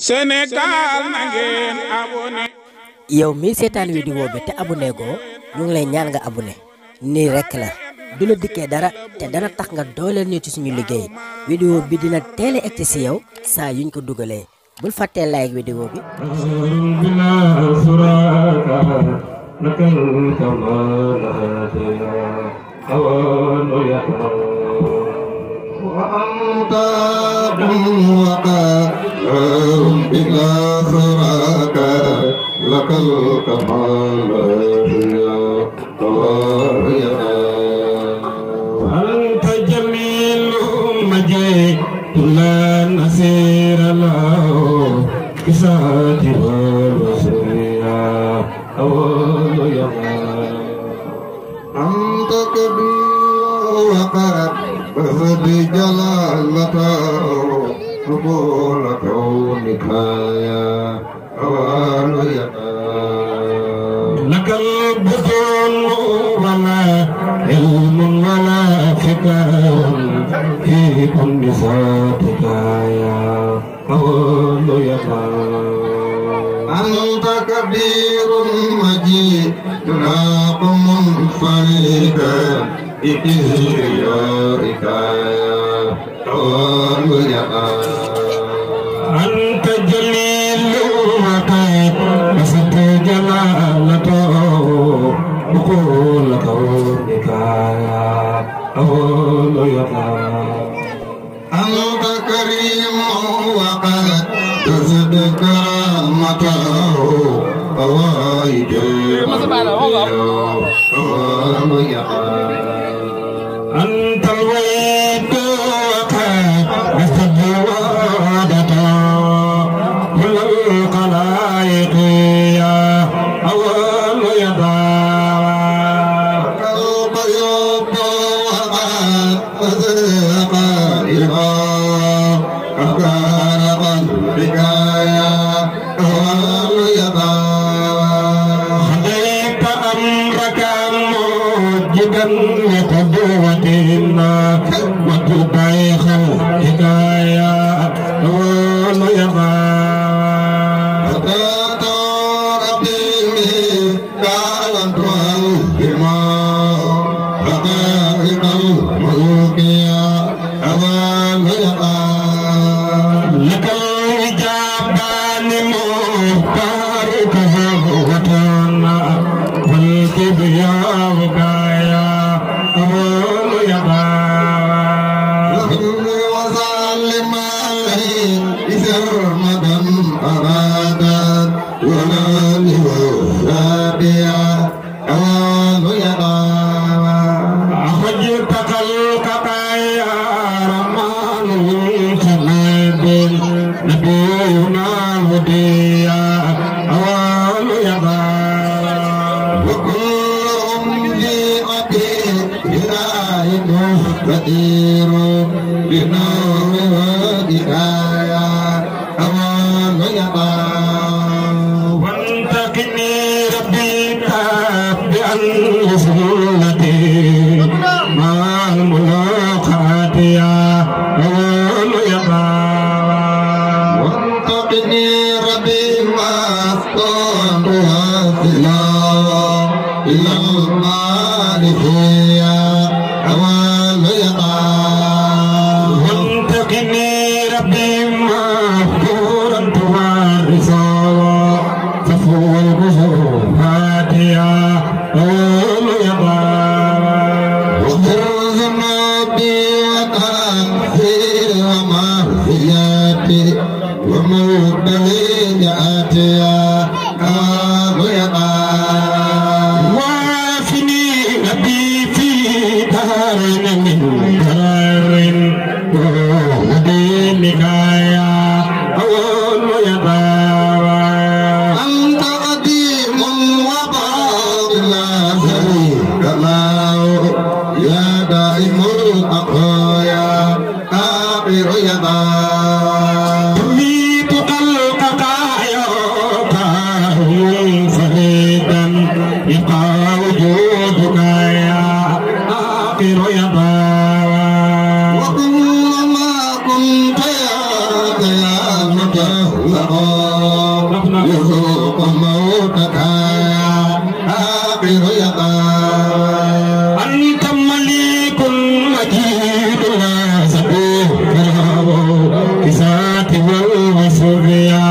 Sénégal na ngeen abonné. yow mii seetaan vidéo bi te abu goo ñu ngi lay ñaan nga ne nii rekk la du la dikkee dara te dana tax nga dooleel ñu ci suñu liggéey vidéo bi dina teel a egg si yow saa yuñ ko dugalee bul fàttee like vidéo bi. نكرت ما لا تيا أوان يحرم Kisah بجلالته قبول كونك يا أوان لك البطون ولا علم ولا فكر في كل ذاتك يا أوان أنت كبير مجيد راق منفردا بإذن Kabir, Umar Bani Atiyah. हो गया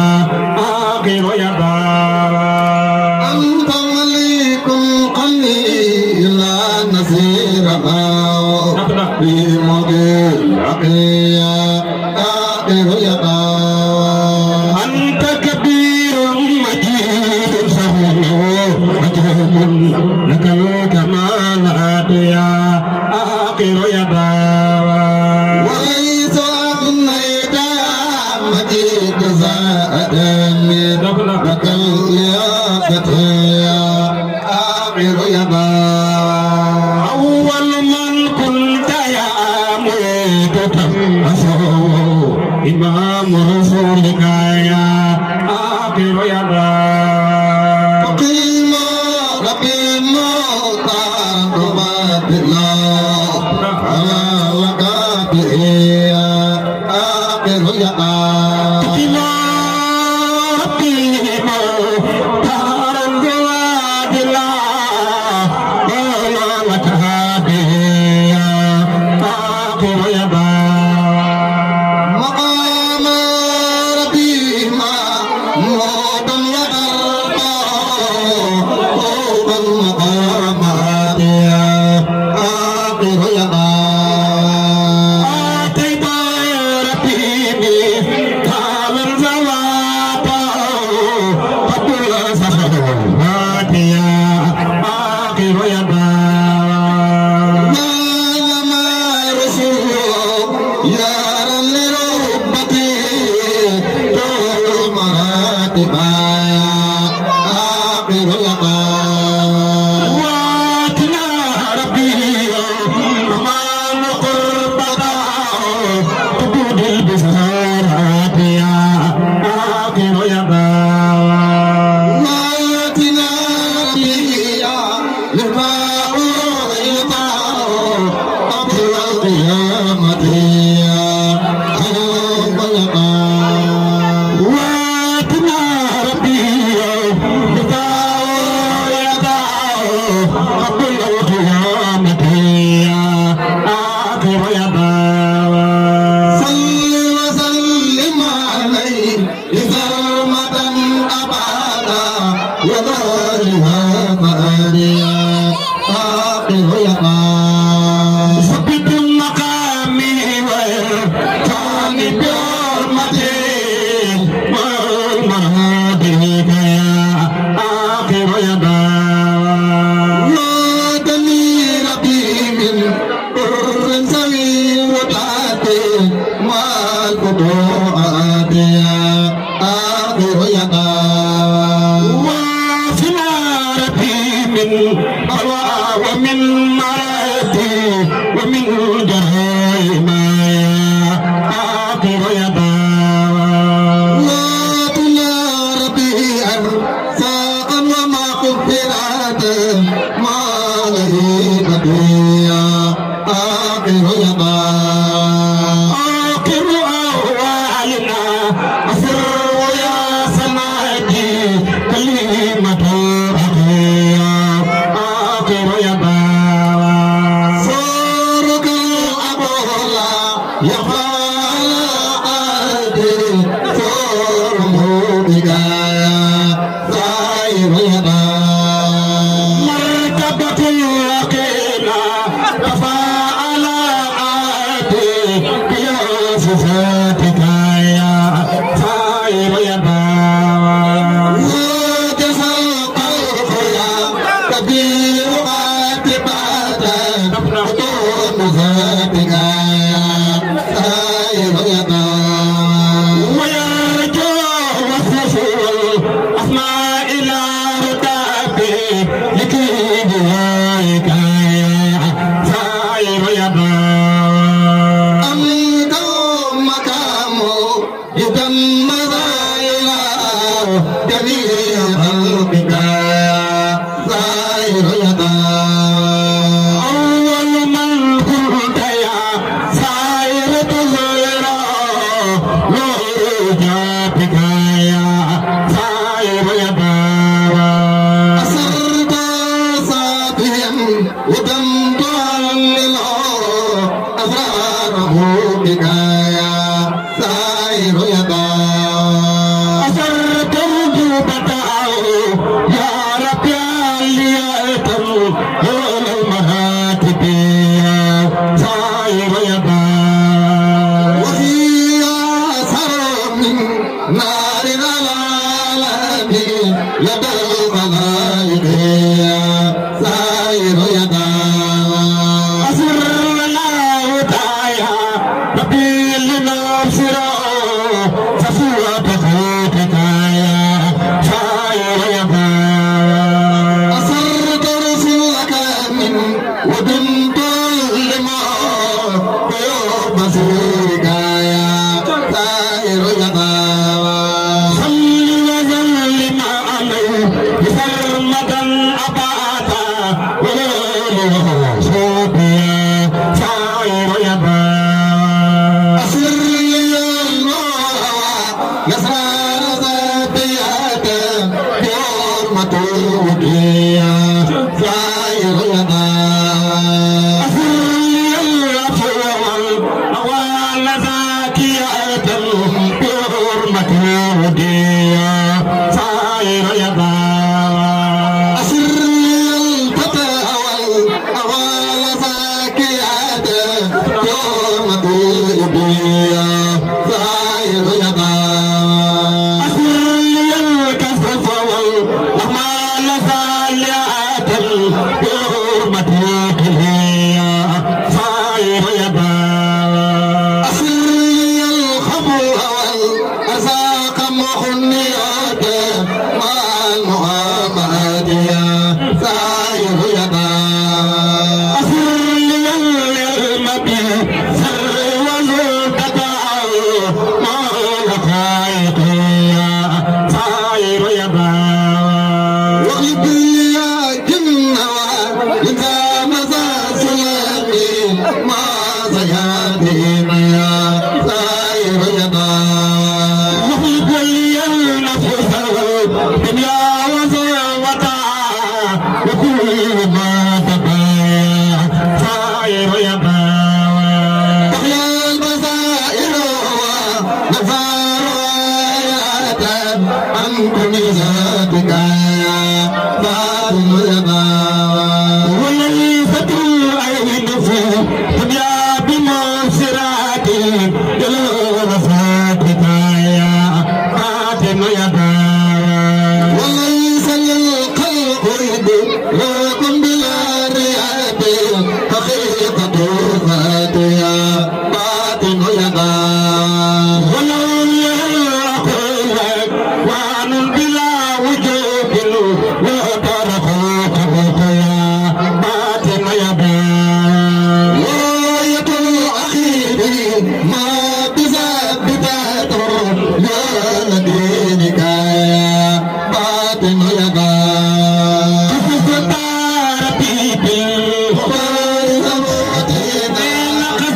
Bingo العالمين يا بلغ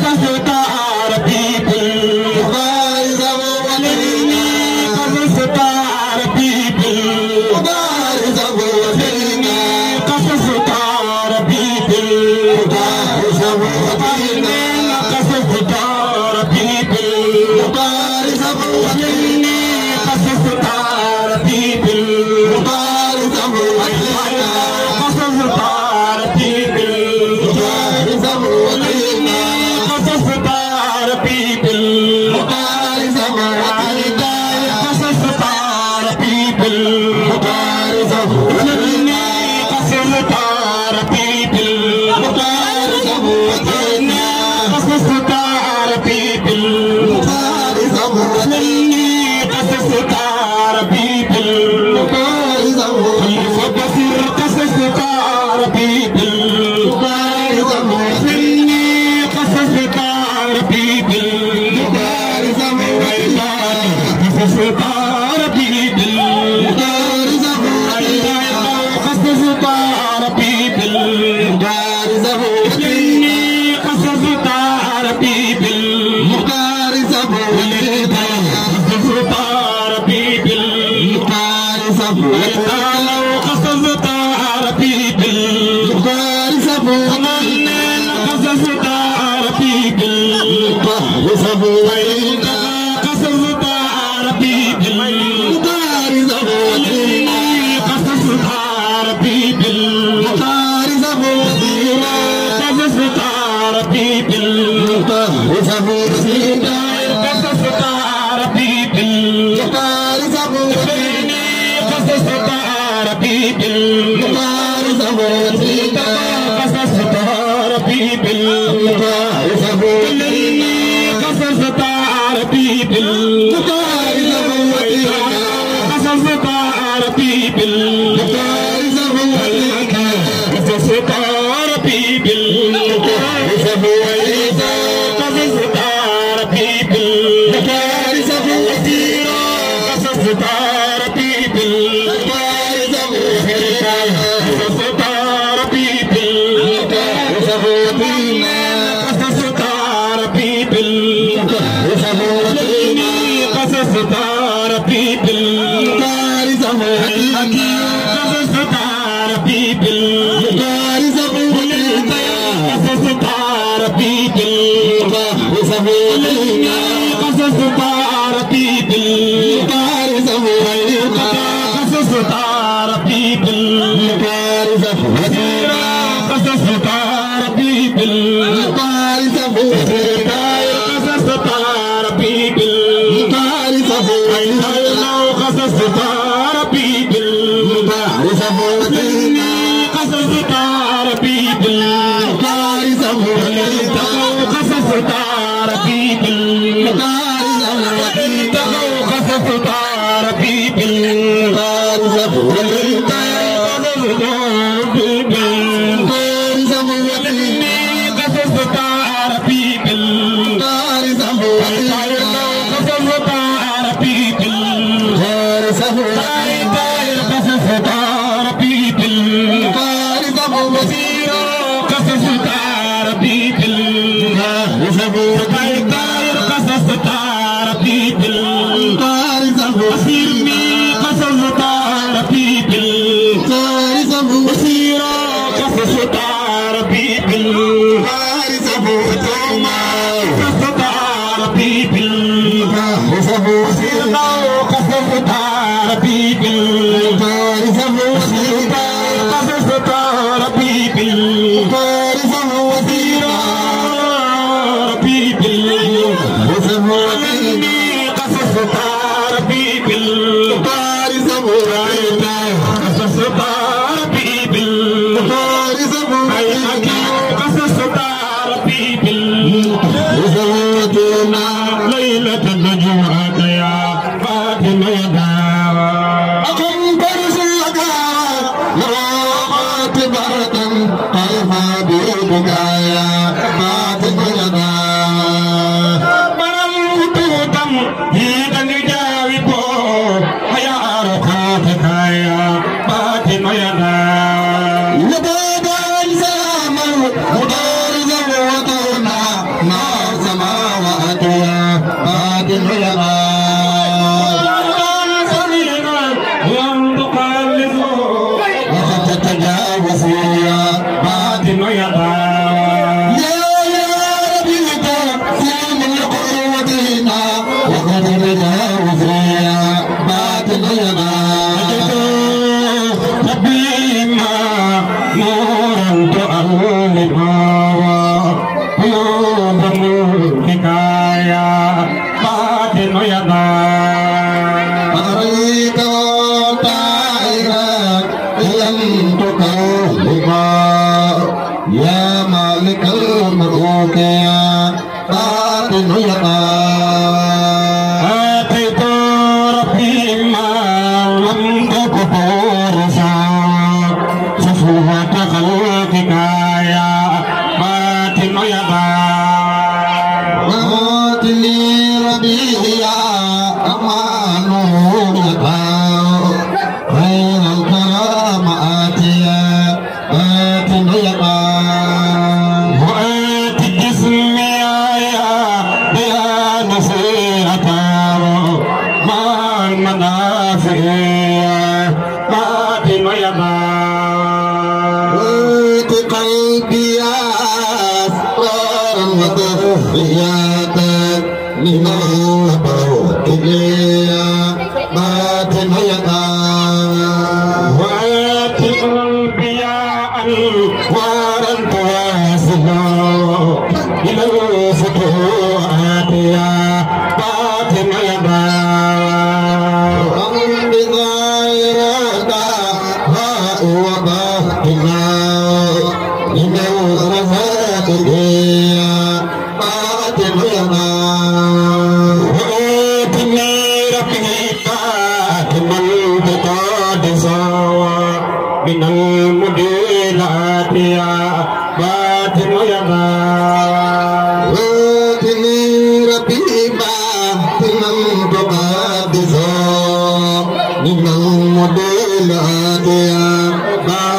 ¡Gracias! Sultan. حبيب الله पीत Mm-hmm. مدينة يا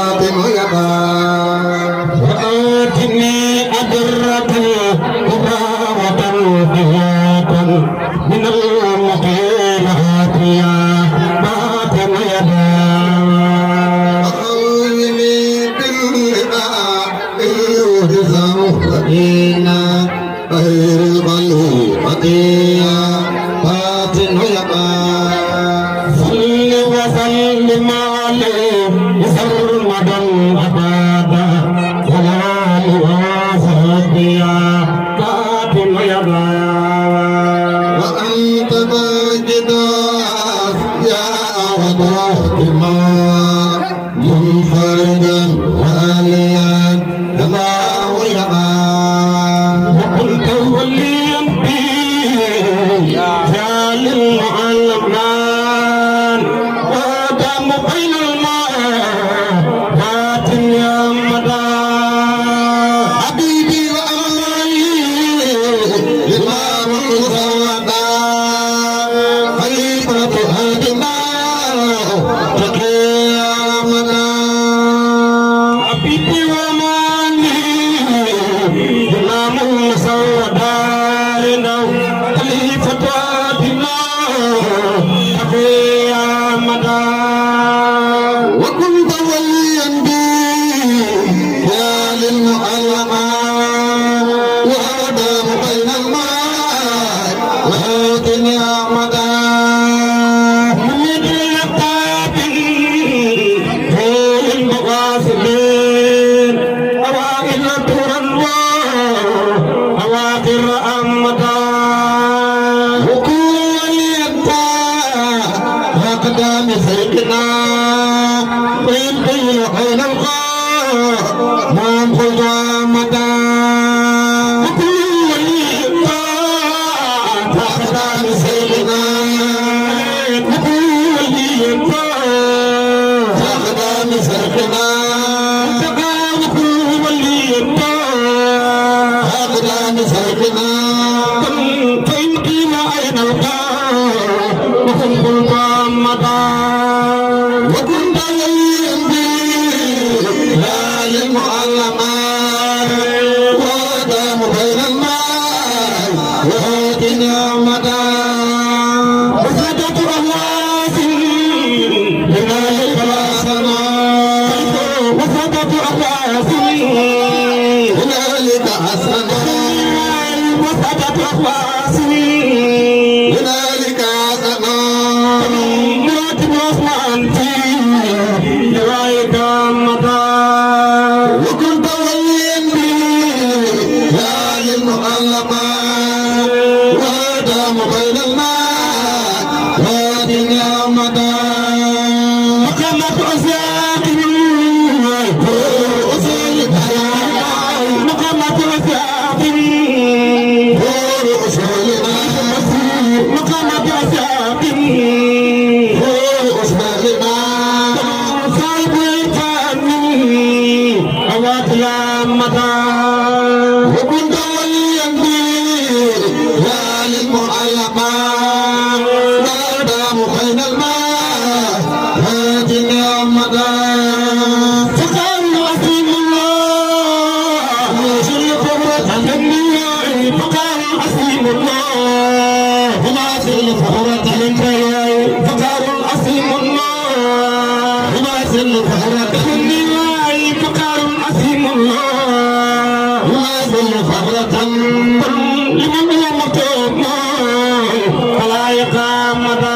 Muhammad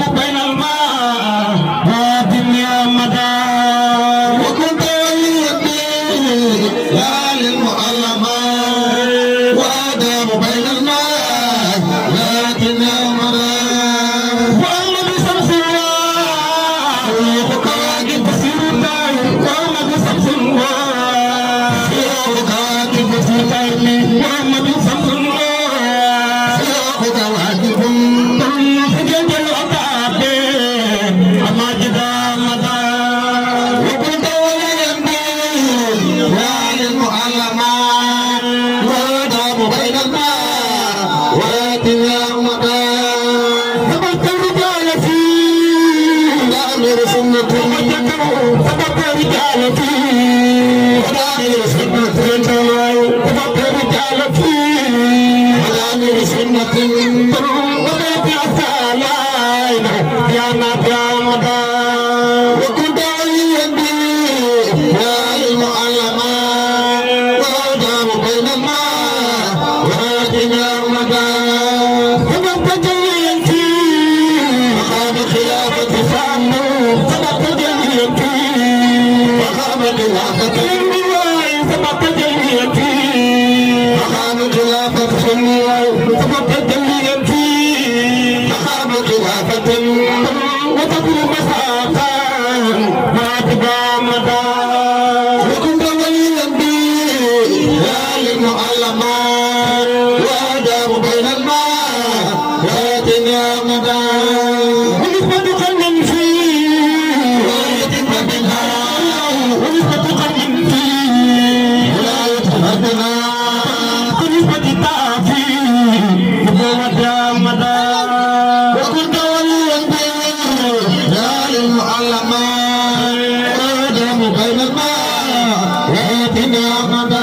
ముప్పై Amen.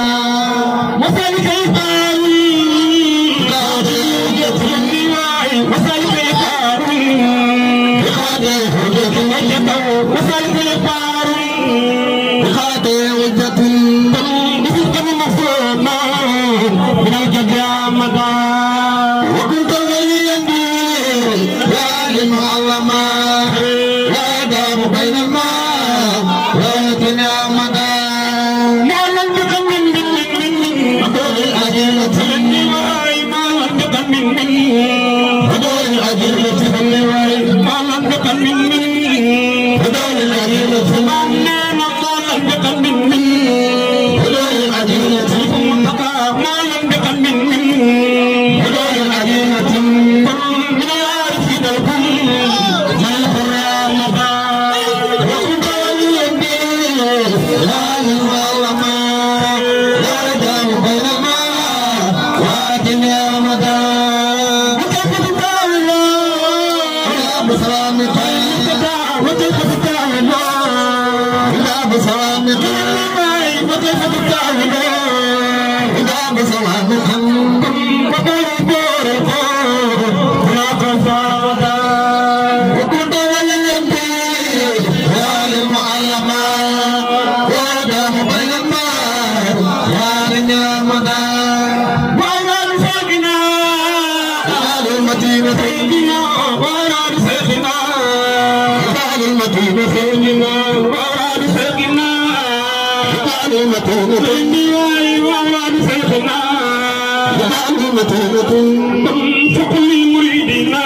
मरी ॾींदा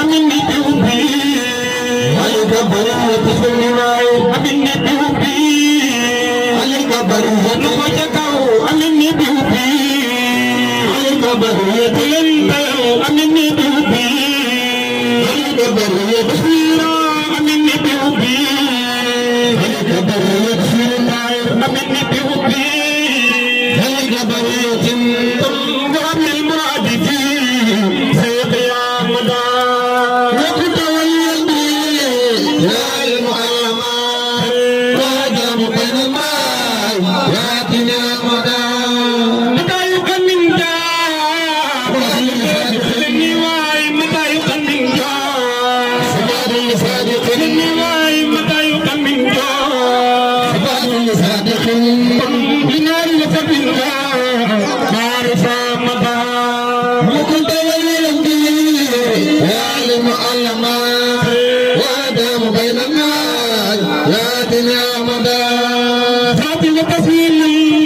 अमीर नी तव्हां الجلال معلما وادام بين الناس لا تنام فاطمة تسليم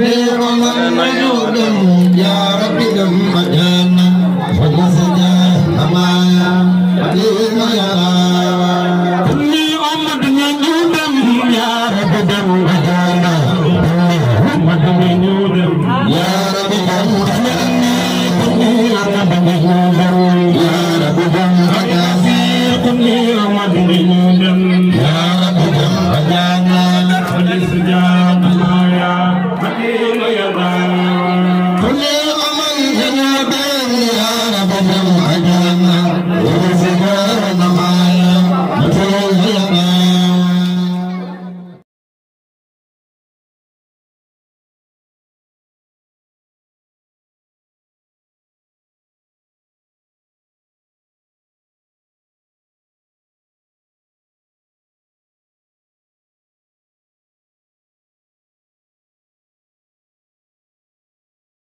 Rabbi Rahman Majudum Ya Rabbi Dhamma